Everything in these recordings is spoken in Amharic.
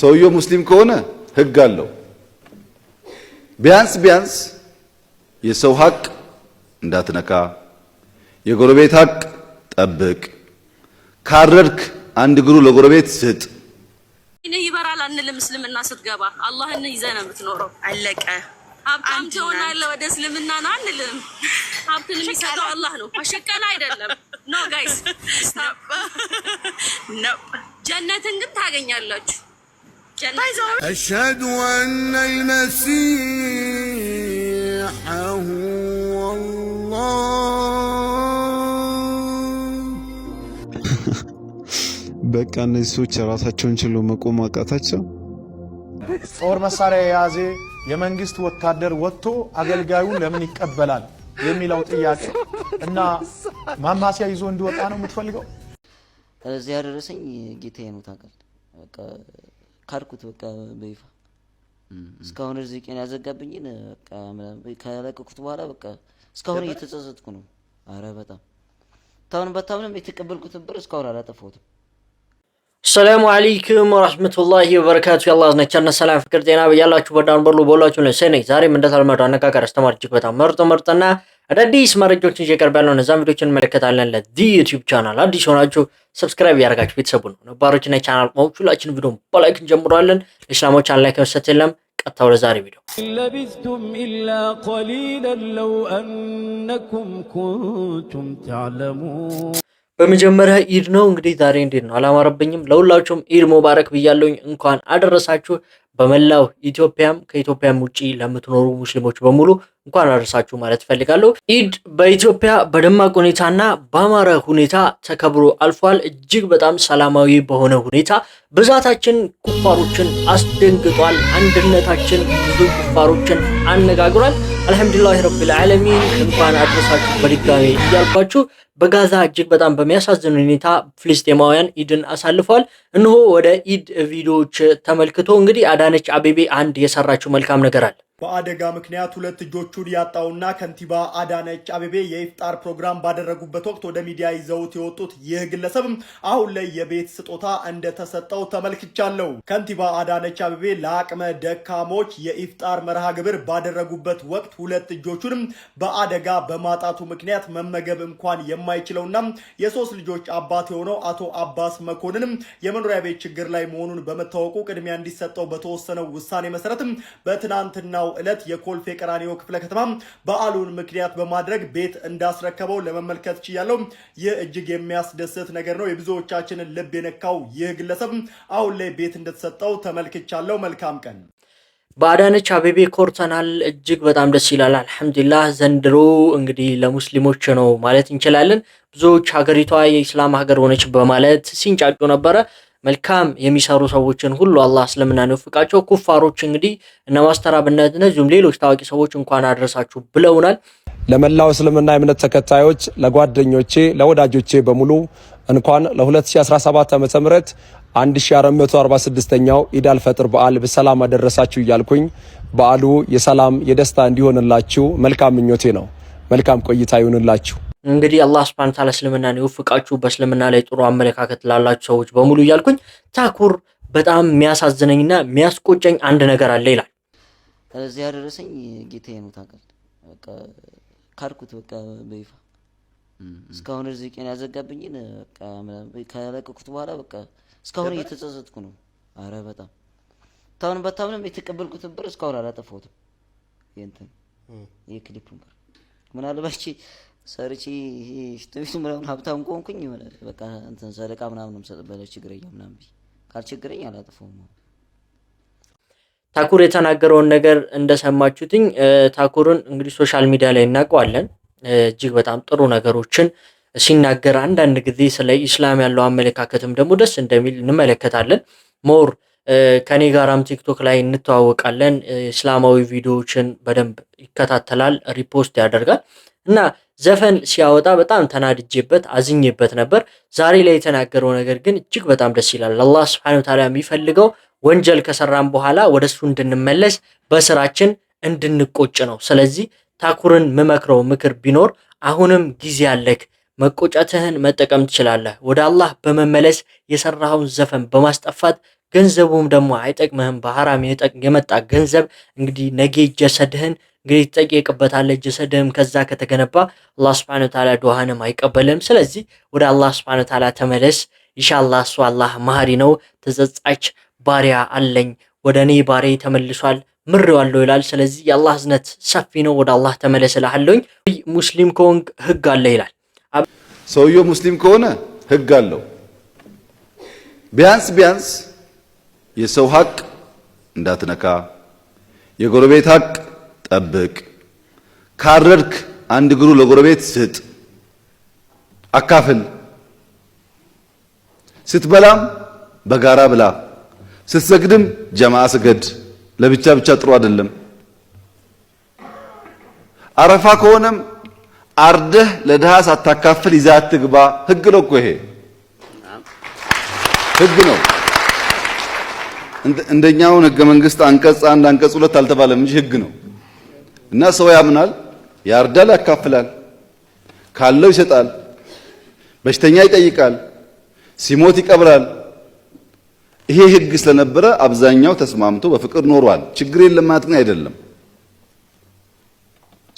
ሰውየው ሙስሊም ከሆነ ህግ አለው። ቢያንስ ቢያንስ የሰው ሀቅ እንዳትነካ፣ የጎረቤት ሀቅ ጠብቅ፣ ካረድክ አንድ እግሩ ለጎረቤት ስጥ። እኔ ይበራል አንልም። እስልምና ስትገባ አላህን ይዘህ ነው የምትኖረው። አለቀ። ሀብታም ትሆናለህ ወደ እስልምና ና አንልም። ሀብትን የሚሰጠው አላህ ነው፣ አሸቀና አይደለም። ኖ ጋይስ ጀነትን ግን ታገኛላችሁ። أشهد أن المسيح هو በቃ እነዚህ ሰዎች ራሳቸውን ችሎ መቆም አቃታቸው። ጦር መሳሪያ የያዘ የመንግስት ወታደር ወጥቶ አገልጋዩን ለምን ይቀበላል የሚለው ጥያቄ እና ማማሲያ ይዞ እንዲወጣ ነው የምትፈልገው። እዚያ ያደረሰኝ ጌታ ነው ታውቃለህ። ካድኩት በቃ በይፋ እስካሁን እዚህ ርዝቄን ያዘጋብኝን ከለቀኩት በኋላ በቃ እስካሁን እየተጸጸትኩ ነው። አረ በጣም ታሁን በታምንም የተቀበልኩትን ብር እስካሁን አላጠፋሁትም። ሰላሙ አለይኩም ወራህመቱላሂ ወበረካቱ። የአላህ ዝነቻና ሰላም ፍቅር ጤና በያላችሁ በዳን በሉ በሏችሁ ላይ ዛሬም እንደተለመደው አነጋገር አስተማሪ እጅግ በጣም መርጦ መርጠና አዳዲስ መረጃዎችን ያለው እነዛን ቪዲዮችን እንመለከታለን። ለዚ ዩቲዩብ ቻናል አዲስ ሆናችሁ ሰብስክራይብ ያደርጋችሁ ቤተሰቡ ነው። ነባሮችና ቻናል ቆሞች ሁላችን ቪዲዮ በላይክ እንጀምረዋለን። ለእስላሞች ቻናል ላይ ከመሰት የለም። ቀጥታው ለዛሬ ቪዲዮ ለቢስቱም ኢላ ቀሊለን ለው አነኩም ኩንቱም ተዕለሙን። በመጀመሪያ ኢድ ነው እንግዲህ ዛሬ እንዴት ነው አላማረብኝም። ለሁላችሁም ኢድ ሙባረክ ብያለሁኝ። እንኳን አደረሳችሁ። በመላው ኢትዮጵያም ከኢትዮጵያም ውጭ ለምትኖሩ ሙስሊሞች በሙሉ እንኳን አደረሳችሁ ማለት እፈልጋለሁ። ኢድ በኢትዮጵያ በደማቅ ሁኔታና በአማረ ሁኔታ ተከብሮ አልፏል። እጅግ በጣም ሰላማዊ በሆነ ሁኔታ ብዛታችን ኩፋሮችን አስደንግጧል። አንድነታችን ብዙ ኩፋሮችን አነጋግሯል። አልሐምዱሊላህ ረቢል ዓለሚን እንኳን አድረሳችሁ በድጋሚ እያልኳችሁ በጋዛ እጅግ በጣም በሚያሳዝን ሁኔታ ፍልስጤማውያን ኢድን አሳልፏል። እነሆ ወደ ኢድ ቪዲዮዎች ተመልክቶ እንግዲህ አዳነች አቤቤ አንድ የሰራችው መልካም ነገር አለ በአደጋ ምክንያት ሁለት እጆቹን ያጣውና ከንቲባ አዳነች አቤቤ የኢፍጣር ፕሮግራም ባደረጉበት ወቅት ወደ ሚዲያ ይዘውት የወጡት ይህ ግለሰብ አሁን ላይ የቤት ስጦታ እንደተሰጠው ተመልክቻለሁ። ከንቲባ አዳነች አቤቤ ለአቅመ ደካሞች የኢፍጣር መርሃ ግብር ባደረጉበት ወቅት ሁለት እጆቹን በአደጋ በማጣቱ ምክንያት መመገብ እንኳን የማይችለውና የሶስት ልጆች አባት የሆነው አቶ አባስ መኮንንም የመኖሪያ ቤት ችግር ላይ መሆኑን በመታወቁ ቅድሚያ እንዲሰጠው በተወሰነው ውሳኔ መሰረትም በትናንትናው ዕለት የኮልፌ ቀራኒዮ ክፍለ ከተማ በዓሉን ምክንያት በማድረግ ቤት እንዳስረከበው ለመመልከት ችያለው። ይህ እጅግ የሚያስደስት ነገር ነው። የብዙዎቻችንን ልብ የነካው ይህ ግለሰብ አሁን ላይ ቤት እንደተሰጠው ተመልክቻለው። መልካም ቀን። በአዳነች አቤቤ ኮርተናል። እጅግ በጣም ደስ ይላል። አልሐምዱሊላህ ዘንድሮ እንግዲህ ለሙስሊሞች ነው ማለት እንችላለን። ብዙዎች ሀገሪቷ የኢስላም ሀገር ሆነች በማለት ሲንጫጩ ነበረ። መልካም የሚሰሩ ሰዎችን ሁሉ አላህ እስልምናን ይወፍቃቸው። ኩፋሮች እንግዲህ እነ ማስተር እነዚሁም ሌሎች ታዋቂ ሰዎች እንኳን አደረሳችሁ ብለውናል። ለመላው እስልምና የእምነት ተከታዮች ለጓደኞቼ፣ ለወዳጆቼ በሙሉ እንኳን ለ2017 ዓ.ም 1446ኛው ኢዳል ፈጥር በዓል በሰላም አደረሳችሁ እያልኩኝ በዓሉ የሰላም የደስታ እንዲሆንላችሁ መልካም ምኞቴ ነው። መልካም ቆይታ ይሁንላችሁ። እንግዲህ አላህ ስብሐነ ተዓላ እስልምናን ይወፍቃችሁ። በእስልምና ላይ ጥሩ አመለካከት ላላችሁ ሰዎች በሙሉ እያልኩኝ ታኩር በጣም የሚያሳዝነኝና የሚያስቆጨኝ አንድ ነገር አለ ይላል። እዚህ ያደረሰኝ ጌታ ነው ታውቃለህ። በቃ ካድኩት፣ በቃ በይፋ እስካሁን እዚህ ቀን ያዘጋብኝን ከለቀኩት በኋላ በቃ እስካሁን እየተጸጸትኩ ነው። አረ በጣም ታሁን በታምንም የተቀበልኩትን ብር እስካሁን አላጠፋሁትም። ይንትን የክሊፑን ብር ምናልባች ሰርቺ ትንሽ ምናምን ሀብታም ከሆንኩኝ የሆነ በቃ እንትን ሰደቃ ምናምን ምሰጥበለ ችግረኛ ምናምን ካልችግረኝ አላጥፈውም። ታኩር የተናገረውን ነገር እንደሰማችሁትኝ ታኩርን እንግዲህ ሶሻል ሚዲያ ላይ እናውቀዋለን። እጅግ በጣም ጥሩ ነገሮችን ሲናገር አንዳንድ ጊዜ ስለ ኢስላም ያለው አመለካከትም ደግሞ ደስ እንደሚል እንመለከታለን። ሞር ከኔ ጋራም ቲክቶክ ላይ እንተዋወቃለን። ኢስላማዊ ቪዲዮዎችን በደንብ ይከታተላል፣ ሪፖስት ያደርጋል እና ዘፈን ሲያወጣ በጣም ተናድጄበት አዝኜበት ነበር። ዛሬ ላይ የተናገረው ነገር ግን እጅግ በጣም ደስ ይላል። አላህ ስብሐነ ወተዓላ የሚፈልገው ወንጀል ከሰራን በኋላ ወደ እሱ እንድንመለስ በስራችን እንድንቆጭ ነው። ስለዚህ ታኩርን ምመክረው ምክር ቢኖር አሁንም ጊዜ አለክ፣ መቆጨትህን መጠቀም ትችላለህ። ወደ አላህ በመመለስ የሰራኸውን ዘፈን በማስጠፋት ገንዘቡም ደግሞ አይጠቅምህም። በሐራም የመጣ ገንዘብ እንግዲህ ነጌ ጀሰድህን እንግዲህ ትጠየቅበታለ እጅ ሰደም ከዛ ከተገነባ አላህ ስብሐነ ወተዓላ ዱዓንም አይቀበልም። ስለዚህ ወደ አላህ ስብሐነ ወተዓላ ተመለስ። ኢንሻአላህ እሱ አላህ መሐሪ ነው። ተጸጻች ባሪያ አለኝ፣ ወደ እኔ ባሪያ ተመልሷል፣ ምሬዋለሁ ይላል። ስለዚህ የአላህ እዝነት ሰፊ ነው። ወደ አላህ ተመለስ እልሃለሁኝ። ሙስሊም ከሆንክ ህግ አለ ይላል። ሰውየው ሙስሊም ከሆነ ህግ አለው። ቢያንስ ቢያንስ የሰው ሀቅ እንዳትነካ፣ የጎረቤት ሀቅ ጠብቅ፣ ካረድክ አንድ እግሩ ለጎረቤት ስጥ፣ አካፍል፣ ስትበላም በጋራ ብላ፣ ስትሰግድም ጀማዓ ስገድ። ለብቻ ብቻ ጥሩ አይደለም። አረፋ ከሆነም አርደህ ለድሃ ሳታካፍል ይዘህ አትግባ። ህግ ነው እኮ ይሄ ህግ ነው። እንደኛውን ህገ መንግስት አንቀጽ አንድ አንቀጽ ሁለት አልተባለም እንጂ ህግ ነው። እና ሰው ያምናል፣ ያርዳል፣ ያካፍላል፣ ካለው ይሰጣል፣ በሽተኛ ይጠይቃል፣ ሲሞት ይቀብራል። ይሄ ህግ ስለነበረ አብዛኛው ተስማምቶ በፍቅር ኖሯል። ችግር የለም ማለት ግን አይደለም።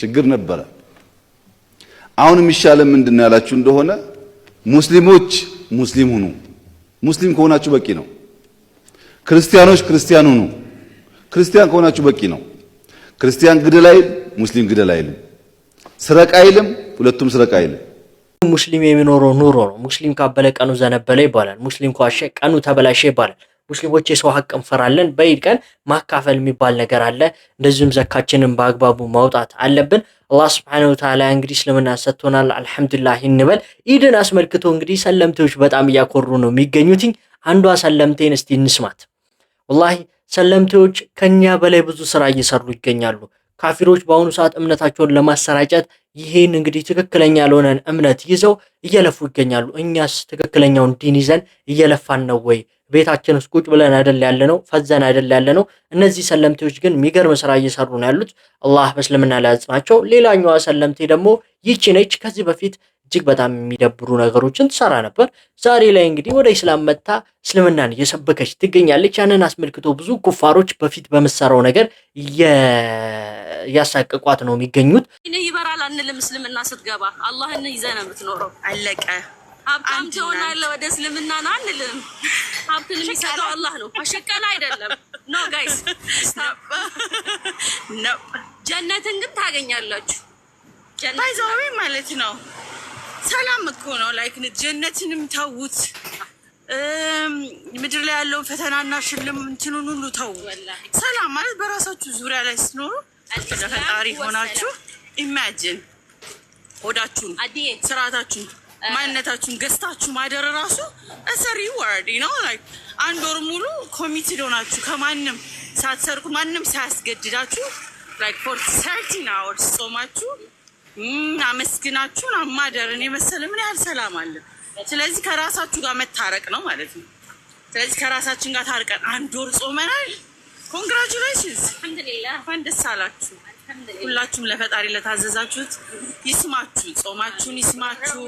ችግር ነበረ። አሁን የሚሻለ ምንድን ነው ያላችሁ እንደሆነ ሙስሊሞች ሙስሊም ሁኑ። ሙስሊም ከሆናችሁ በቂ ነው። ክርስቲያኖች ክርስቲያን ሁኑ። ክርስቲያን ከሆናችሁ በቂ ነው። ክርስቲያን ግደል አይል፣ ሙስሊም ግደል አይልም። ስረቅ አይልም፣ ሁለቱም ስረቅ አይልም። ሙስሊም የሚኖረው ኑሮ ነው። ሙስሊም ካበለ ቀኑ ዘነበለ ይባላል። ሙስሊም ከዋሸ ቀኑ ተበላሸ ይባላል። ሙስሊሞች የሰው ሀቅ እንፈራለን። በኢድ ቀን ማካፈል የሚባል ነገር አለ። እንደዚሁም ዘካችንን በአግባቡ ማውጣት አለብን። አላህ ስብሐነሁ ወተዓላ እንግዲህ እስልምና ሰጥቶናል። አልሐምዱሊላህ እንበል። ኢድን አስመልክቶ እንግዲህ ሰለምቴዎች በጣም እያኮሩ ነው የሚገኙትኝ። አንዷ ሰለምቴን እስቲ እንስማት። ወላሂ ሰለምቴዎች ከኛ በላይ ብዙ ስራ እየሰሩ ይገኛሉ። ካፊሮች በአሁኑ ሰዓት እምነታቸውን ለማሰራጨት ይህን እንግዲህ ትክክለኛ ያልሆነን እምነት ይዘው እየለፉ ይገኛሉ። እኛስ ትክክለኛውን ዲን ይዘን እየለፋን ነው ወይ? ቤታችን ውስጥ ቁጭ ብለን አይደል ያለ ነው፣ ፈዘን አይደል ያለ ነው። እነዚህ ሰለምቴዎች ግን የሚገርም ስራ እየሰሩ ነው ያሉት። አላህ በእስልምና ላይ ያጽናቸው። ሌላኛዋ ሰለምቴ ደግሞ ይቺ ነች። ከዚህ በፊት እጅግ በጣም የሚደብሩ ነገሮችን ትሰራ ነበር። ዛሬ ላይ እንግዲህ ወደ ኢስላም መጥታ እስልምናን እየሰበከች ትገኛለች። ያንን አስመልክቶ ብዙ ኩፋሮች በፊት በምሰራው ነገር እያሳቀቋት ነው የሚገኙት። ይበራል አንልም። እስልምና ስትገባ አላህን ይዘህ ነው የምትኖረው። አለቀ። ሀብታም ትሆናለህ። ወደ እስልምና ነው አንልም። ሀብትን የሚሰጠው አላህ ነው፣ አሸቀን አይደለም። ኖ ጋይስ ጀነትን ግን ታገኛላችሁ። ማለት ነው ሰላም እኮ ነው። ላይክ ጀነትንም ተዉት፣ ምድር ላይ ያለውን ፈተናና ሽልም እንትኑን ሁሉ ተዉ። ሰላም ማለት በራሳችሁ ዙሪያ ላይ ስኖሩ ለፈጣሪ ሆናችሁ ኢማጂን ሆዳችሁን፣ ስርዓታችሁን፣ ማንነታችሁን ገዝታችሁ ማደር ራሱ እሰ ሪዋርድ ነው። ላይክ አንድ ወር ሙሉ ኮሚትድ ሆናችሁ ከማንም ሳትሰርቁ ማንም ሳያስገድዳችሁ ላይክ ፎር ሰርቲ አወርስ ጾማችሁ አመስግናችሁን አማደርን የመሰለ ምን ያህል ሰላም አለ። ስለዚህ ከራሳችሁ ጋር መታረቅ ነው ማለት ነው። ስለዚህ ከራሳችን ጋር ታርቀን አንድ ወር ጾመናል። ኮንግራቹሌሽንስ እንኳን ደስ አላችሁ። ሁላችሁም ለፈጣሪ ለታዘዛችሁት ይስማችሁ፣ ጾማችሁን ይስማችሁ፣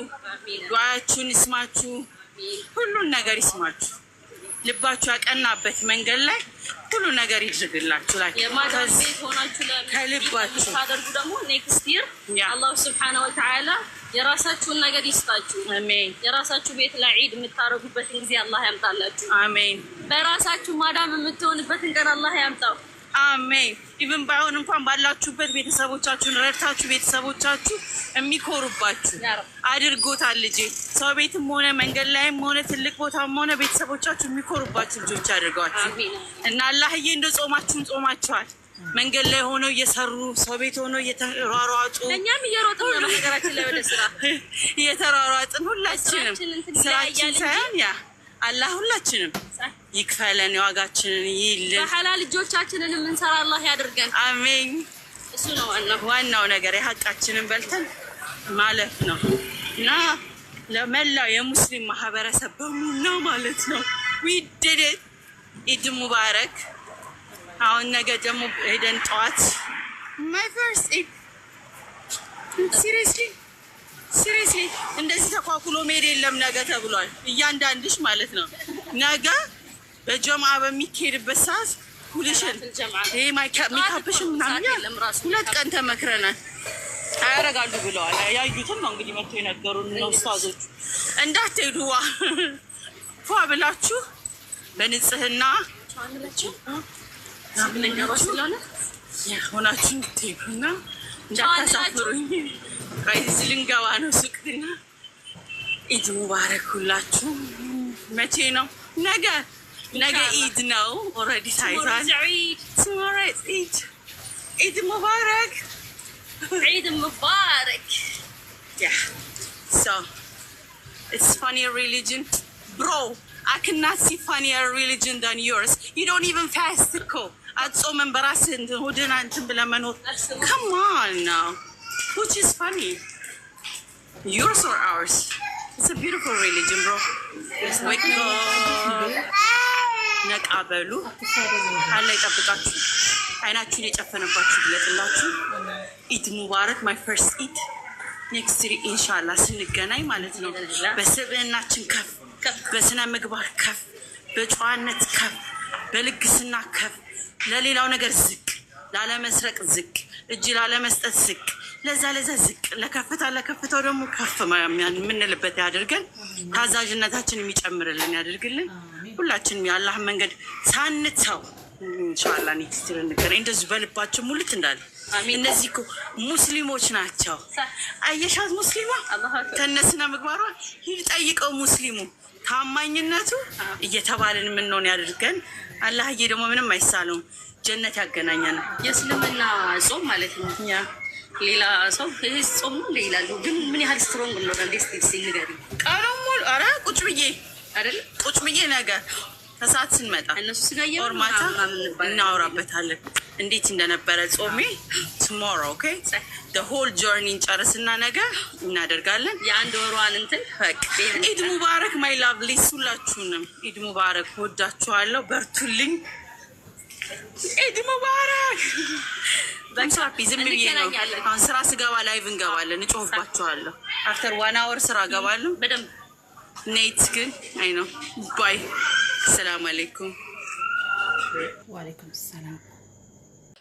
ዱዓችሁን ይስማችሁ፣ ሁሉን ነገር ይስማችሁ። ልባችሁ ያቀናበት መንገድ ላይ ሁሉ ነገር ይድርግላችሁ። ላይ ከልባችሁ ታደርጉ ደግሞ ኔክስት ይር አላሁ ስብሓነ ወተዓላ የራሳችሁን ነገር ይስጣችሁ። አሜን። የራሳችሁ ቤት ላይ ዒድ የምታደርጉበትን ጊዜ አላህ ያምጣላችሁ። አሜን። በራሳችሁ ማዳም የምትሆንበትን ቀን አላህ ያምጣው። አሜን። ኢቭን ባይሆን እንኳን ባላችሁበት ቤተሰቦቻችሁን ረድታችሁ ቤተሰቦቻችሁ የሚኮሩባችሁ አድርጎታል። ልጅ ሰው ቤትም ሆነ መንገድ ላይም ሆነ ትልቅ ቦታም ሆነ ቤተሰቦቻችሁ የሚኮሩባችሁ ልጆች አድርገዋችሁ እና አላህዬ እንደ ጾማችሁን ጾማችኋል። መንገድ ላይ ሆነው እየሰሩ ሰው ቤት ሆነው እየተሯሯጡ እኛም እየሮጥን ነው። በነገራችን ላይ ወደ ስራ እየተሯሯጥን ሁላችንም ስራችን ሳይሆን ያ አላህ ሁላችንም ይክፈለን፣ የዋጋችንን ይልን፣ በሐላል ልጆቻችንንም እንሰራ አላህ ያድርገን። አሜን። እሱ ነው ዋናው ነገር፣ የሀቃችንን በልተን ማለፍ ነው እና ለመላው የሙስሊም ማህበረሰብ በሙሉ ማለት ነው ዊድድ ኢድ ሙባረክ። አሁን ነገ ደግሞ ሄደን ጠዋት ማይ ፈርስት ኢድ ሲሪየስሊ ሲሪየስሊ እንደዚህ ተኳኩሎ መሄድ የለም ነገ ተብሏል። እያንዳንድሽ ማለት ነው ነገ በጀማ በሚካሄድበት ሰዓት ሁልሽን ይሄ ሜካፕሽን ምናምን ሁለት ቀን ተመክረናል አያረጋሉ ብለዋል። ያዩትም ነው እንግዲህ መጥቶ የነገሩን ነው ኡስታዞቹ። እንዳትሄዱዋ ፏ ብላችሁ በንጽህና ሆናችሁ ትሄዱና እንዳታሳፍሩኝ እዚህ ልንገባ ነው ሱቅ ሱቅና ኢድ ሙባረክ ሁላችሁ። መቼ ነው? ነገ ነገ ኢድ ነው። ኦልሬዲ ታይቷል። ኢድ ሙባረክ፣ ኢድ ሙባረክ። ኢትስ ፋኒየር ሪሊጅን ብሮ አይ ካንት ሲ ፋኒየር ሪሊጅን ዛን ዮርስ ዩ ዶንት ኢቨን ፋስት እኮ አትጾምን በራስህ እሑድን እንትን ብለህ መኖር ከማን ነው which is funny. Yours or ours? It's a beautiful religion, bro. ወድቆ ነቃ በሉ። አላህ ይጠብቃችሁ፣ አይናችሁን የጨፈነባችሁ ይግለጥላችሁ። ኢድ ሙባረክ ማይ ፈርስት ኢድ ኔክስት ኢንሻላ ስንገናኝ ማለት ነው። በስብዕናችን ከፍ፣ በስነ ምግባር ከፍ፣ በጨዋነት ከፍ፣ በልግስና ከፍ፣ ለሌላው ነገር ዝቅ፣ ላለመስረቅ ዝቅ፣ እጅ ላለመስጠት ዝቅ ለዛ ለዛ ዝቅ ለከፍታ ለከፍታው ደግሞ ከፍ የምንልበት ያደርገን፣ ታዛዥነታችን የሚጨምርልን ያደርግልን ሁላችንም የአላህ መንገድ ሳንተው እንሻላ ኔክስትር ንገር እንደዚሁ በልባችን ሙልት እንዳለ እነዚህ እኮ ሙስሊሞች ናቸው። አየሻት ሙስሊማ ከነስነ ምግባሯ ይህ ጠይቀው ሙስሊሙ ታማኝነቱ እየተባልን የምንሆን ያደርገን አላህዬ ደግሞ ምንም አይሳለውም። ጀነት ያገናኘ ነው የእስልምና ጾም ማለት ነው። ሌላ ሰው ይህ ጾም ነው እንደ ይላሉ። ግን ምን ያህል ስትሮንግ ነው? ደስ ደስ ይንገሪ ቀኑ አረ ቁጭ ብዬ አይደል ቁጭ ብዬ ነገ ከሰዓት ስንመጣ እነሱ ስጋየ ማታ እናወራበታለን እንዴት እንደነበረ ጾሜ። ቱሞሮ ኦኬ ሆል ጆርኒ እንጨርስና ነገ እናደርጋለን። የአንድ ወሯን እንትን ኢድ ሙባረክ ማይ ላቭሊ። ሁላችሁንም ኢድ ሙባረክ ወዳችኋለሁ። በርቱልኝ። ኢድ ሙባረክ። ዝም ብዬ ነው አሁን ስራ ስገባ ላይቭ እንገባለን። እጮህባችኋለሁ። አፍተር ዋን አወር ስራ እገባለሁ። ኔት ግን አይ ነው ባይ። ሰላም አለይኩም ወአለይኩም ሰላም።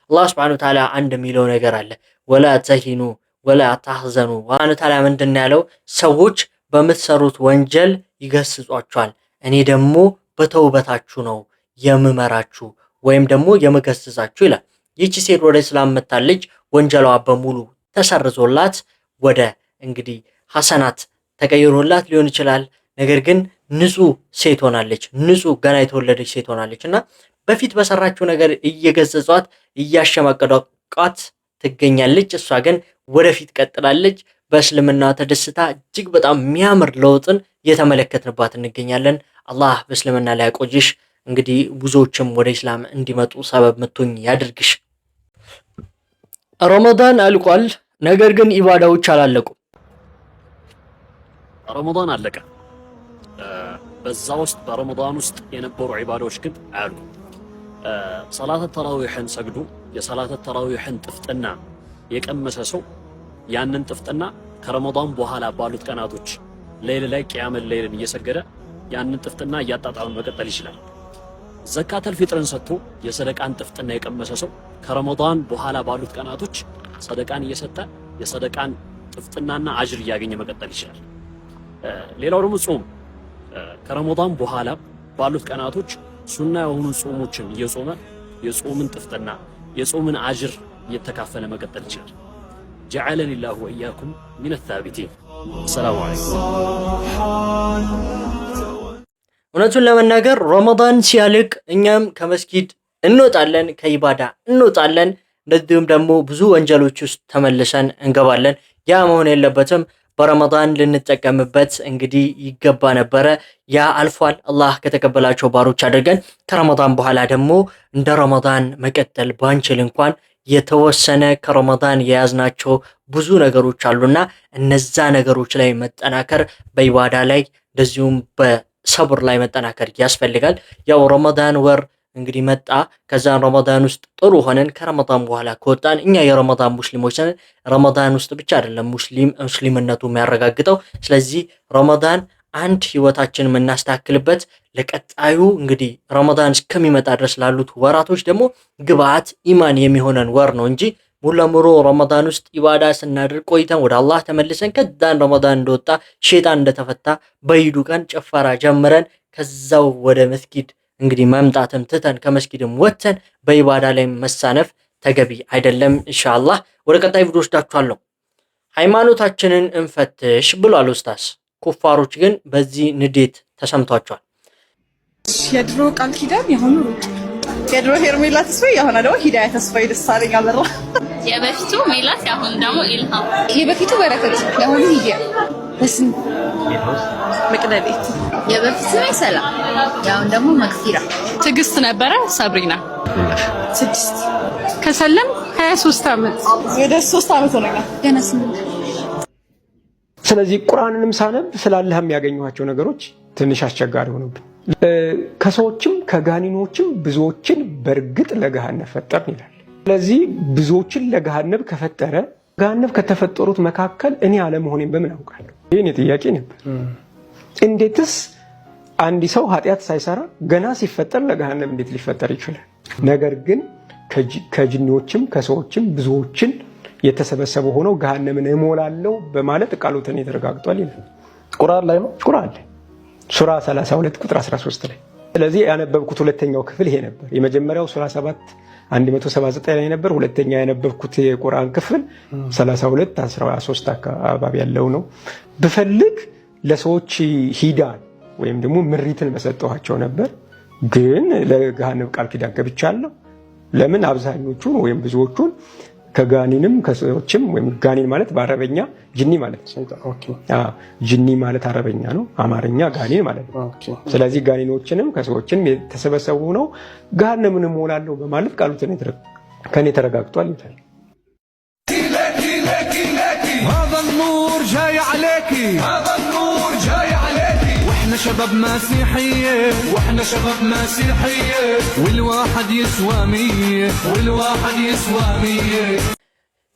አላህ ወተዓላ አንድ የሚለው ነገር አለ። ወላ ተሂኑ ወላ ታህዘኑ። ዋኑ ታላ ምንድን ያለው ሰዎች በምትሰሩት ወንጀል ይገስጿቸዋል። እኔ ደግሞ በተውበታችሁ ነው የምመራችሁ ወይም ደግሞ የምገስጻችሁ ይላል። ይቺ ሴት ወደ እስላም መታለች። ወንጀሏ በሙሉ ተሰርዞላት ወደ እንግዲህ ሐሰናት ተቀይሮላት ሊሆን ይችላል። ነገር ግን ንጹህ ሴት ሆናለች። ንጹህ ገና የተወለደች ሴት ሆናለች እና በፊት በሰራችው ነገር እየገሰጿት እያሸማቀቋት ትገኛለች። እሷ ግን ወደፊት ቀጥላለች። በእስልምና ተደስታ እጅግ በጣም የሚያምር ለውጥን እየተመለከትንባት እንገኛለን። አላህ በእስልምና ላይ ያቆይሽ። እንግዲህ ብዙዎችም ወደ ኢስላም እንዲመጡ ሰበብ ምትሆኝ ያድርግሽ። ረመዳን አልቋል፣ ነገር ግን ኢባዳዎች አላለቁም። ረመዳን አለቀ፣ በዛ ውስጥ በረመዳን ውስጥ የነበሩ ኢባዳዎች ግን አሉ። ሰላተ ተራዊሕን ሰግዱ። የሰላተ ተራዊሕን ጥፍጥና የቀመሰ ሰው ያንን ጥፍጥና ከረመዳን በኋላ ባሉት ቀናቶች ሌይል ላይ ቅያመል ሌይልን እየሰገደ ያንን ጥፍጥና እያጣጣመ መቀጠል ይችላል። ዘካተል ፊጥርን ሰጥቶ የሰደቃን ጥፍጥና የቀመሰ ሰው ከረመዳን በኋላ ባሉት ቀናቶች ሰደቃን እየሰጠ የሰደቃን ጥፍጥናና አጅር እያገኘ መቀጠል ይችላል። ሌላው ደግሞ ጾም ከረመዳን በኋላ ባሉት ቀናቶች ሱና የሆኑ ጾሞችን እየጾመ የጾምን ጥፍጥና የጾምን አጅር እየተካፈለ መቀጠል ይችላል። ጀዓለኒ ላሁ ወኢያኩም ሚነ ሳቢቲን። ሰላሙ አለይኩም እውነቱን ለመናገር ረመዳን ሲያልቅ እኛም ከመስጊድ እንወጣለን፣ ከኢባዳ እንወጣለን። እንደዚሁም ደግሞ ብዙ ወንጀሎች ውስጥ ተመልሰን እንገባለን። ያ መሆን የለበትም። በረመዳን ልንጠቀምበት እንግዲህ ይገባ ነበረ። ያ አልፏል። አላህ ከተቀበላቸው ባሮች አድርገን። ከረመዳን በኋላ ደግሞ እንደ ረመዳን መቀጠል ባንችል እንኳን የተወሰነ ከረመዳን የያዝናቸው ብዙ ነገሮች አሉና እነዛ ነገሮች ላይ መጠናከር በኢባዳ ላይ እንደዚሁም በ ሰብር ላይ መጠናከር ያስፈልጋል። ያው ረመዳን ወር እንግዲህ መጣ። ከዛን ረመዳን ውስጥ ጥሩ ሆነን ከረመዳን በኋላ ከወጣን እኛ የረመዳን ሙስሊሞች ነን። ረመዳን ውስጥ ብቻ አይደለም ሙስሊም ሙስሊምነቱ የሚያረጋግጠው። ስለዚህ ረመዳን አንድ ህይወታችን የምናስተካክልበት ለቀጣዩ እንግዲህ ረመዳን እስከሚመጣ ድረስ ላሉት ወራቶች ደግሞ ግብአት ኢማን የሚሆነን ወር ነው እንጂ ሙሉ ለሙሉ ረመዳን ውስጥ ኢባዳ ስናደርግ ቆይተን ወደ አላህ ተመልሰን ከዛን ረመዳን እንደወጣ ሼጣን እንደተፈታ በይዱ ቀን ጭፈራ ጀምረን ከዛው ወደ መስጊድ እንግዲህ መምጣትም ትተን ከመስጊድም ወጥተን በኢባዳ ላይ መሳነፍ ተገቢ አይደለም። ኢንሻአላህ ወደ ቀጣይ ቪዲዮ ወስዳችኋለሁ። ሃይማኖታችንን እንፈትሽ ብሏል ኡስታዝ። ኩፋሮች ግን በዚህ ንዴት ተሰምቷቸዋል። የድሮ ቃል ኪዳን የሆኑ የድሮ ሄርሜላ ተስፋዬ የሆነ ደግሞ ሂዳያ ተስፋዬ ደሳለኝ አበራ። የበፊቱ ሜላት ያሁን ደግሞ ኢልሃም። የበፊቱ በረከት ያሁኑ ሂዳያ በስም መቅደቤት። የበፊቱ ሰላም ያሁን ደግሞ መክፊራ ትዕግስት ነበረ ሰብሪና ስድስት ከሰለም 23 አመት ወደ 3 ዓመት ሆነኛል ገና ስምንት ስለዚህ ቁርአንንም ሳነብ ስላለህም ያገኘኋቸው ነገሮች ትንሽ አስቸጋሪ ሆነብኝ። ከሰዎችም ከጋኒኖችም ብዙዎችን በእርግጥ ለገሃነብ ፈጠርን ይላል። ስለዚህ ብዙዎችን ለገሃነብ ከፈጠረ ገሃነብ ከተፈጠሩት መካከል እኔ አለመሆኔን በምን አውቃለሁ? ይህ ጥያቄ ነበር። እንዴትስ አንድ ሰው ኃጢአት ሳይሰራ ገና ሲፈጠር ለገሃነብ እንዴት ሊፈጠር ይችላል? ነገር ግን ከጅኒዎችም ከሰዎችም ብዙዎችን የተሰበሰበ ሆነው ገሃነምን እሞላለሁ በማለት ቃሎትን ተረጋግጧል ይላል። ቁርአን ላይ ነው። ቁርአን ላይ ሱራ 32 ቁጥር 13 ላይ። ስለዚህ ያነበብኩት ሁለተኛው ክፍል ይሄ ነበር። የመጀመሪያው ሱራ 7 179 ላይ ነበር። ሁለተኛ ያነበብኩት የቁርአን ክፍል 32 13 አካባቢ ያለው ነው። ብፈልግ ለሰዎች ሂዳን ወይም ደግሞ ምሪትን በሰጠኋቸው ነበር፣ ግን ለገሃነብ ቃል ኪዳን ገብቻለሁ። ለምን አብዛኞቹን ወይም ብዙዎቹን ከጋኒንም ከሰዎችም ወይም ጋኒን ማለት በአረበኛ ጅኒ ማለት ጅኒ ማለት አረበኛ ነው፣ አማርኛ ጋኒን ማለት ነው። ስለዚህ ጋኒኖችንም ከሰዎችንም የተሰበሰቡ ነው ገሃነምን እሞላለሁ በማለት ቃሉ ከእኔ ተረጋግጧል ይታል። هذا شباب مسيحية واحنا شباب مسيحية والواحد يسوى مية والواحد يسوى مية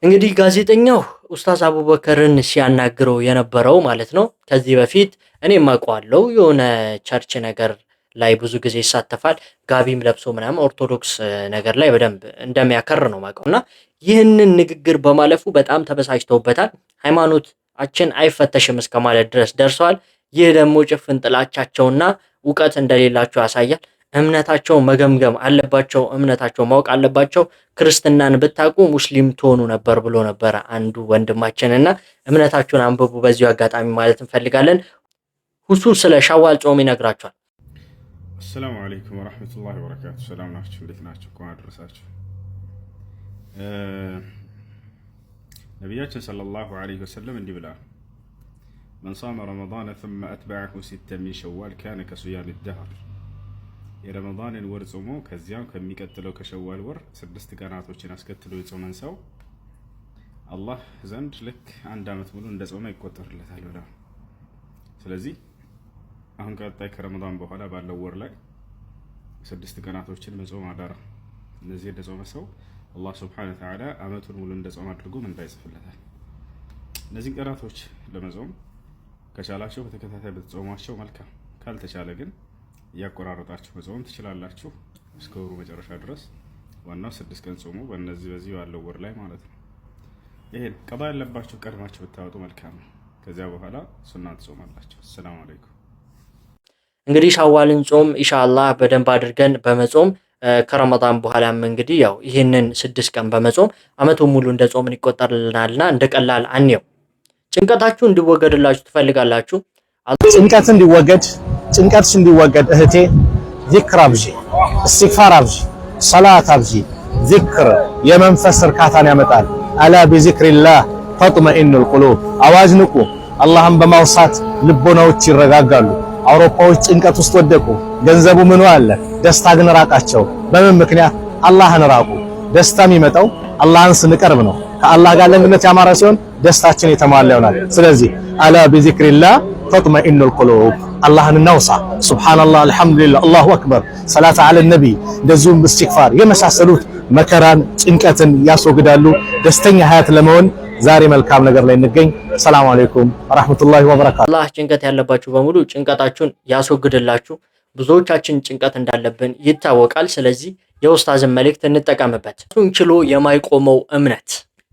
እንግዲህ ጋዜጠኛው ኡስታዝ አቡበከርን ሲያናግረው የነበረው ማለት ነው። ከዚህ በፊት እኔም ማቋለው የሆነ ቸርች ነገር ላይ ብዙ ጊዜ ይሳተፋል። ጋቢም ለብሶ ምናምን ኦርቶዶክስ ነገር ላይ በደንብ እንደሚያከር ነው ማቀው እና ይህንን ንግግር በማለፉ በጣም ተበሳጭተውበታል። ሃይማኖታችን አይፈተሽም እስከ ማለት ድረስ ደርሰዋል። ይህ ደግሞ ጭፍን ጥላቻቸውና እውቀት እንደሌላቸው ያሳያል። እምነታቸው መገምገም አለባቸው። እምነታቸው ማወቅ አለባቸው። ክርስትናን ብታውቁ ሙስሊም ትሆኑ ነበር ብሎ ነበረ አንዱ ወንድማችን እና እምነታችሁን አንብቡ በዚሁ አጋጣሚ ማለት እንፈልጋለን። ሁሱ ስለ ሻዋል ጾም ይነግራቸዋል። አሰላሙ አለይኩም ወረሕመቱላሂ ወበረካቱ። ሰላም ናችሁ? እንዴት ናችሁ? እንኳን አደረሳችሁ። ነቢያችን ሰለላሁ አለይሂ ወሰለም እንዲህ ብላል መን ሳመ ረመዳነ ثመ አትበዐሁ ሲተ ሚን ሸዋል ካነ ከሱያሚ ደህር የረመዳንን ወር ጾሞ ከዚያም ከሚቀጥለው ከሸዋል ወር ስድስት ቀናቶችን አስከትሎ የጾመን ሰው አላህ ዘንድ ልክ አንድ ዓመት ሙሉ እንደ ጾመ ይቆጠርለታል ብለዋል። ስለዚህ አሁን ቀጣይ ከረመዳን በኋላ ባለው ወር ላይ ስድስት ቀናቶችን መጾም አደራ። እነዚህ እንደጾመ ሰው አላህ ስብሐነ ወተዓላ ዓመቱን ሙሉ እንደጾም አድርጎ ምን እንዳይጽፍለታል። እነዚህን ቀናቶች ለመጾም ከቻላችሁ በተከታታይ በተጾማቸው መልካም፣ ካልተቻለ ግን እያቆራረጣችሁ መጾም ትችላላችሁ እስከ ወሩ መጨረሻ ድረስ። ዋናው ስድስት ቀን ጾሙ በእነዚህ በዚህ ባለው ወር ላይ ማለት ነው። ይሄን ቀባ ያለባችሁ ቀድማችሁ ብታወጡ መልካም ነው። ከዚያ በኋላ ሱና ትጾማላችሁ። ሰላም አለይኩም። እንግዲህ ሻዋልን ጾም ኢንሻአላህ በደንብ አድርገን በመጾም ከረመዳን በኋላም እንግዲህ ያው ይህንን ስድስት ቀን በመጾም አመቱን ሙሉ እንደ ጾምን ይቆጠርልናልና እንደ ቀላል አንየው። ጭንቀታችሁ እንዲወገድላችሁ ትፈልጋላችሁ። ጭንቀት እንዲወገድ ጭንቀትሽ እንዲወገድ እህቴ ዚክር አብዢ፣ እስትግፋር አብዢ፣ ሰላት አብዢ። ዚክር የመንፈስ እርካታን ያመጣል። አላ ቢዚክሪላህ ተጥመኢኑል ቁሉብ። አዋጅ ንቁ፣ አላህን በማውሳት ልቦናዎች ይረጋጋሉ። አውሮፓዎች ጭንቀት ውስጥ ወደቁ። ገንዘቡ ምኑ አለ፣ ደስታ ግን ራቃቸው። በምን ምክንያት? አላህን ራቁ። ደስታ የሚመጣው አላህን ስንቀርብ ነው። ከአላህ ጋር ለምነት ያማረ ሲሆን ደስታችን የተሟላ ይሆናል። ስለዚህ አላ ቢዚክሪላህ ተጥመኢኑል ቁሉብ አላህን እናውሳ። ሱብሃነላህ፣ አልሐምዱሊላህ፣ አላሁ አክበር፣ ሰላት አለ ነቢ፣ እንደዚሁም እስትግፋር የመሳሰሉት መከራን ጭንቀትን ያስወግዳሉ። ደስተኛ ሀያት ለመሆን ዛሬ መልካም ነገር ላይ እንገኝ። ሰላም አለይኩም ወራህመቱላሂ ወበረካቱ። አላህ ጭንቀት ያለባችሁ በሙሉ ጭንቀታችሁን ያስወግድላችሁ። ብዙዎቻችን ጭንቀት እንዳለብን ይታወቃል። ስለዚህ የኡስታዝን መልእክት እንጠቀምበት። እሱን ችሎ የማይቆመው እምነት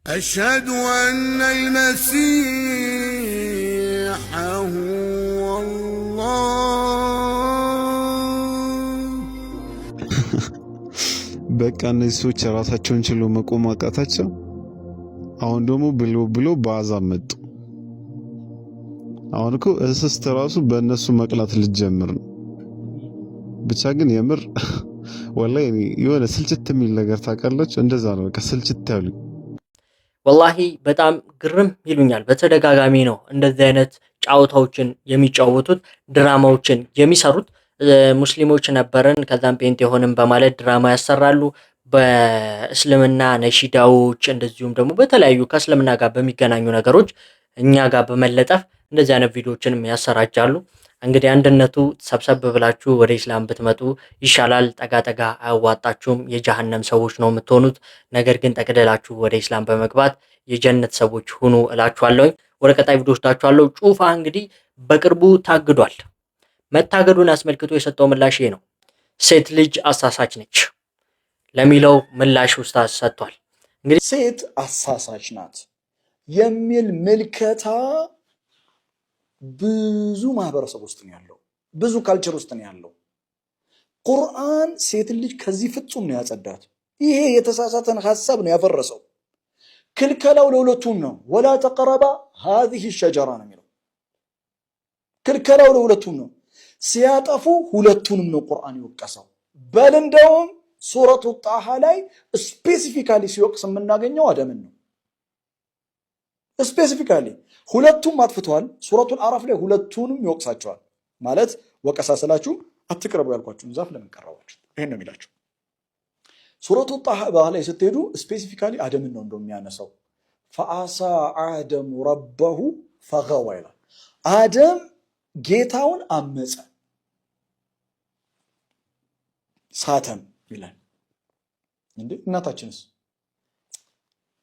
أشهد أن المسيح هو الله በቃ እነዚህ ሰዎች ራሳቸውን ችለው መቆም አቃታቸው። አሁን ደግሞ ብሎ ብሎ ባዛ መጡ። አሁን እኮ እስስት ራሱ በእነሱ መቅላት ልጀምር ነው። ብቻ ግን የምር ወላሂ የሆነ ስልችት የሚል ነገር ታውቃላችሁ። እንደዛ ነው በቃ ስልችት ያሉኝ ወላሂ በጣም ግርም ይሉኛል። በተደጋጋሚ ነው እንደዚህ አይነት ጫወታዎችን የሚጫወቱት ድራማዎችን የሚሰሩት። ሙስሊሞች ነበርን ከዛም ጴንጤ ሆንም በማለት ድራማ ያሰራሉ። በእስልምና ነሺዳዎች እንደዚሁም ደግሞ በተለያዩ ከእስልምና ጋር በሚገናኙ ነገሮች እኛ ጋር በመለጠፍ እንደዚህ አይነት ቪዲዮዎችንም ያሰራጃሉ። እንግዲህ አንድነቱ ሰብሰብ ብላችሁ ወደ ኢስላም ብትመጡ ይሻላል። ጠጋ ጠጋ አያዋጣችሁም፣ የጀሃነም ሰዎች ነው የምትሆኑት። ነገር ግን ጠቅልላችሁ ወደ ኢስላም በመግባት የጀነት ሰዎች ሁኑ እላችኋለሁኝ። ወደ ቀጣይ ቪዲዮ ወስዳችኋለሁ። ጩፋ እንግዲህ በቅርቡ ታግዷል። መታገዱን አስመልክቶ የሰጠው ምላሽ ነው። ሴት ልጅ አሳሳች ነች ለሚለው ምላሽ ውስጥ ሰጥቷል። እንግዲህ ሴት አሳሳች ናት የሚል ምልከታ ብዙ ማህበረሰብ ውስጥ ነው ያለው፣ ብዙ ካልቸር ውስጥ ነው ያለው። ቁርአን ሴት ልጅ ከዚህ ፍጹም ነው ያጸዳት። ይሄ የተሳሳተን ሀሳብ ነው ያፈረሰው። ክልከላው ለሁለቱም ነው። ወላ ተቀረባ ሀዚህ ሸጀራ ነው የሚለው። ክልከላው ለሁለቱም ነው። ሲያጠፉ ሁለቱንም ነው ቁርአን ይወቀሰው። በል እንደውም ሱረቱ ጣሃ ላይ ስፔሲፊካሊ ሲወቅስ የምናገኘው አደምን ነው። ስፔሲፊካሊ ሁለቱም አጥፍተዋል። ሱረቱን አራፍ ላይ ሁለቱንም ይወቅሳቸዋል። ማለት ወቀሳ ስላችሁ አትቅረቡ ያልኳችሁን ዛፍ ለምን ቀረባችሁ? ነው የሚላቸው። ሱረቱ ጣህባ ላይ ስትሄዱ ስፔሲፊካሊ አደምን ነው የሚያነሳው ፈአሳ አደሙ ረበሁ ፈገዋ ይላል። አደም ጌታውን አመፀ ሳተም ይላል። እንዴ እናታችንስ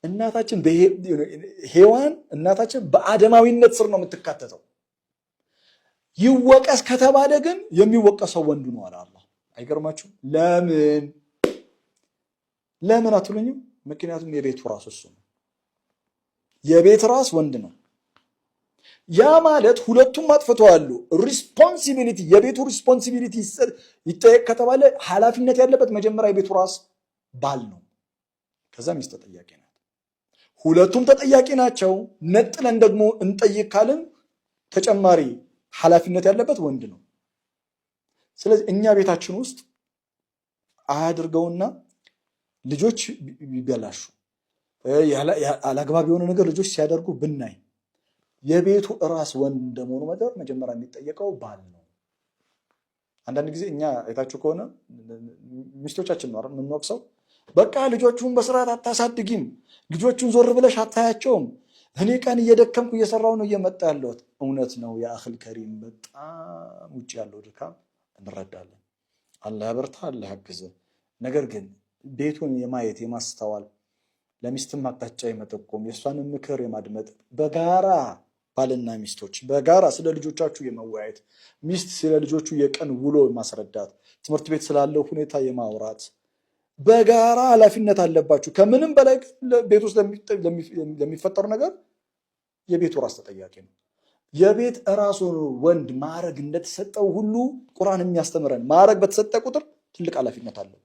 እናታችን ሔዋን እናታችን በአደማዊነት ስር ነው የምትካተተው። ይወቀስ ከተባለ ግን የሚወቀሰው ወንዱ ነው አለ አላህ። አይገርማችሁም? ለምን ለምን አትሉኝም? ምክንያቱም የቤቱ ራስ እሱ ነው። የቤት ራስ ወንድ ነው። ያ ማለት ሁለቱም አሉ ሪስፖንሲቢሊቲ የቤቱ ሪስፖንሲቢሊቲ ይጠየቅ ከተባለ ኃላፊነት ያለበት መጀመሪያ የቤቱ ራስ ባል ነው። ከዛ ሚስት ተጠያቂ ነው። ሁለቱም ተጠያቂ ናቸው። ነጥለን ደግሞ እንጠይቅ ካልን ተጨማሪ ኃላፊነት ያለበት ወንድ ነው። ስለዚህ እኛ ቤታችን ውስጥ አያድርገውና ልጆች ቢበላሹ አላግባብ የሆነ ነገር ልጆች ሲያደርጉ ብናይ የቤቱ እራስ ወንድ እንደመሆኑ መደር መጀመሪያ የሚጠየቀው ባል ነው። አንዳንድ ጊዜ እኛ ቤታችሁ ከሆነ ሚስቶቻችን ነው የምንወቅሰው በቃ ልጆቹን በስርዓት አታሳድጊም፣ ልጆቹን ዞር ብለሽ አታያቸውም። እኔ ቀን እየደከምኩ እየሰራው ነው እየመጣ ያለሁት። እውነት ነው። የአክል ከሪም በጣም ውጭ ያለው ድካም እንረዳለን። አላህ ያበርታ፣ አላህ አግዝ። ነገር ግን ቤቱን የማየት የማስተዋል ለሚስትም አቅጣጫ የመጠቆም የእሷንም ምክር የማድመጥ በጋራ ባልና ሚስቶች በጋራ ስለ ልጆቻችሁ የመወያየት ሚስት ስለ ልጆቹ የቀን ውሎ የማስረዳት ትምህርት ቤት ስላለው ሁኔታ የማውራት በጋራ ኃላፊነት አለባችሁ። ከምንም በላይ ቤት ውስጥ ለሚፈጠሩ ነገር የቤቱ ራስ ተጠያቂ ነው። የቤት ራሱ ወንድ ማዕረግ እንደተሰጠው ሁሉ ቁርአን የሚያስተምረን ማዕረግ በተሰጠ ቁጥር ትልቅ ኃላፊነት አለብን።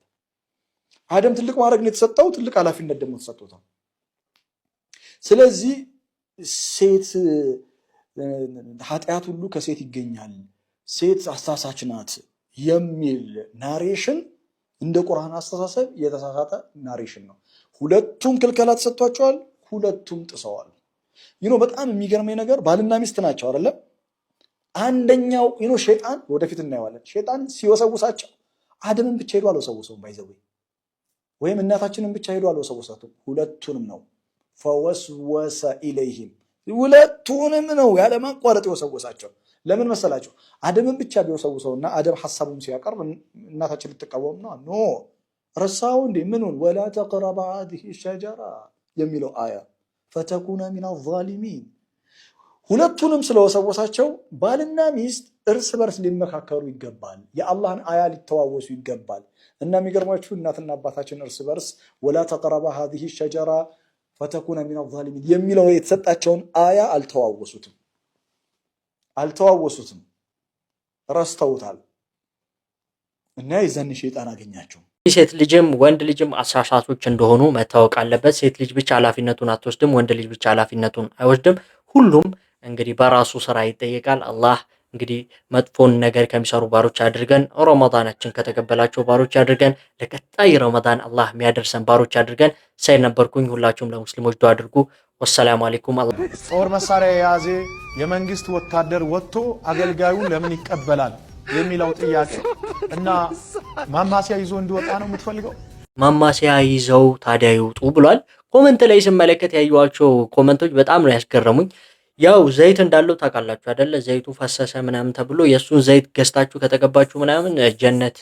አደም ትልቅ ማዕረግ ነው የተሰጠው፣ ትልቅ ኃላፊነት ደግሞ ተሰጥቶታል። ስለዚህ ሴት ኃጢአት ሁሉ ከሴት ይገኛል፣ ሴት አሳሳች ናት የሚል ናሬሽን እንደ ቁርአን አስተሳሰብ የተሳሳተ ናሬሽን ነው። ሁለቱም ክልከላ ተሰጥቷቸዋል። ሁለቱም ጥሰዋል። ይኖ በጣም የሚገርመኝ ነገር ባልና ሚስት ናቸው አይደለም። አንደኛው ይኖ ሸጣን ወደፊት እናየዋለን። ሸጣን ሲወሰውሳቸው አደምን ብቻ ሄዶ አልወሰውሰውም፣ ባይዘው ወይም እናታችንን ብቻ ሄዶ አልወሰውሳቱም። ሁለቱንም ነው ፈወስወሰ ኢለይህም ሁለቱንም ነው ያለማቋረጥ የወሰወሳቸው። ለምን መሰላችሁ? አደምን ብቻ ቢወሰው ሰውና አደም ሀሳቡም ሲያቀርብ እናታችን ልትቃወም ነው። ኖ ረሳው እንዴ ምኑን ወላ ተቅረባ ሀዚህ ሸጀራ የሚለው አያ ፈተኩነ ሚና አዛሊሚን ሁለቱንም ስለወሰወሳቸው ባልና ሚስት እርስ በርስ ሊመካከሩ ይገባል። የአላህን አያ ሊተዋወሱ ይገባል። እና የሚገርማችሁ እናትና አባታችን እርስ በርስ ወላ ተቅረባ ሀዚህ ሸጀራ ፈተኩነ ሚን ዛሊሚን የሚለው የተሰጣቸውን አያ አልተዋወሱትም። አልተዋወሱትም፣ ረስተውታል እና የዛን ሸይጣን አገኛቸው። ሴት ልጅም ወንድ ልጅም አሳሳቶች እንደሆኑ መታወቅ አለበት። ሴት ልጅ ብቻ ኃላፊነቱን አትወስድም፣ ወንድ ልጅ ብቻ ኃላፊነቱን አይወስድም። ሁሉም እንግዲህ በራሱ ስራ ይጠየቃል። አላህ እንግዲህ መጥፎን ነገር ከሚሰሩ ባሮች አድርገን ረመዳናችን ከተቀበላቸው ባሮች አድርገን ለቀጣይ ረመዳን አላህ የሚያደርሰን ባሮች አድርገን ሳይነበርኩኝ ነበርኩኝ። ሁላችሁም ለሙስሊሞች ዱዓ አድርጉ። ወሰላሙ አለይኩም። ጦር መሳሪያ የያዘ የመንግስት ወታደር ወጥቶ አገልጋዩን ለምን ይቀበላል የሚለው ጥያቄ እና ማማሲያ ይዞ እንዲወጣ ነው የምትፈልገው? ማማሲያ ይዘው ታዲያ ይውጡ ብሏል። ኮመንት ላይ ስመለከት ያየኋቸው ኮመንቶች በጣም ነው ያስገረሙኝ። ያው ዘይት እንዳለው ታውቃላችሁ አይደለ? ዘይቱ ፈሰሰ ምናምን ተብሎ የእሱን ዘይት ገዝታችሁ ከተቀባችሁ ምናምን ጀነት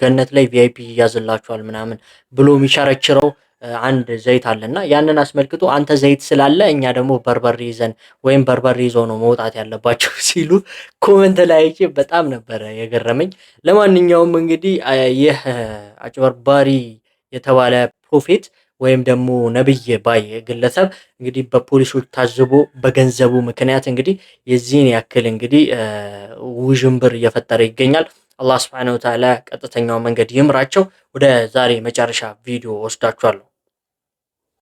ገነት ላይ ቪአይፒ ያዝላችኋል ምናምን ብሎ የሚሸረችረው አንድ ዘይት አለና ያንን አስመልክቶ አንተ ዘይት ስላለ እኛ ደግሞ በርበሬ ይዘን ወይም በርበሬ ይዞ ነው መውጣት ያለባቸው ሲሉ ኮመንት ላይ አይቼ በጣም ነበረ የገረመኝ። ለማንኛውም እንግዲህ ይህ አጭበርባሪ የተባለ ፕሮፌት ወይም ደግሞ ነብይ ባይ ግለሰብ እንግዲህ በፖሊሶች ታዝቦ በገንዘቡ ምክንያት እንግዲህ የዚህን ያክል እንግዲህ ውዥንብር እየፈጠረ ይገኛል። አላህ ስብሐነሁ ወተዓላ ቀጥተኛው መንገድ ይምራቸው። ወደ ዛሬ መጨረሻ ቪዲዮ ወስዳችኋለሁ።